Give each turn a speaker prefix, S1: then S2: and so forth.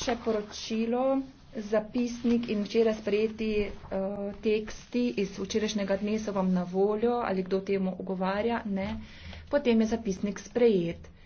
S1: Še poročilo, zapisnik in včeraj sprejeti uh, teksti iz včerajšnjega dne so vam na voljo, ali kdo temu ugovarja, ne. Potem je zapisnik sprejet.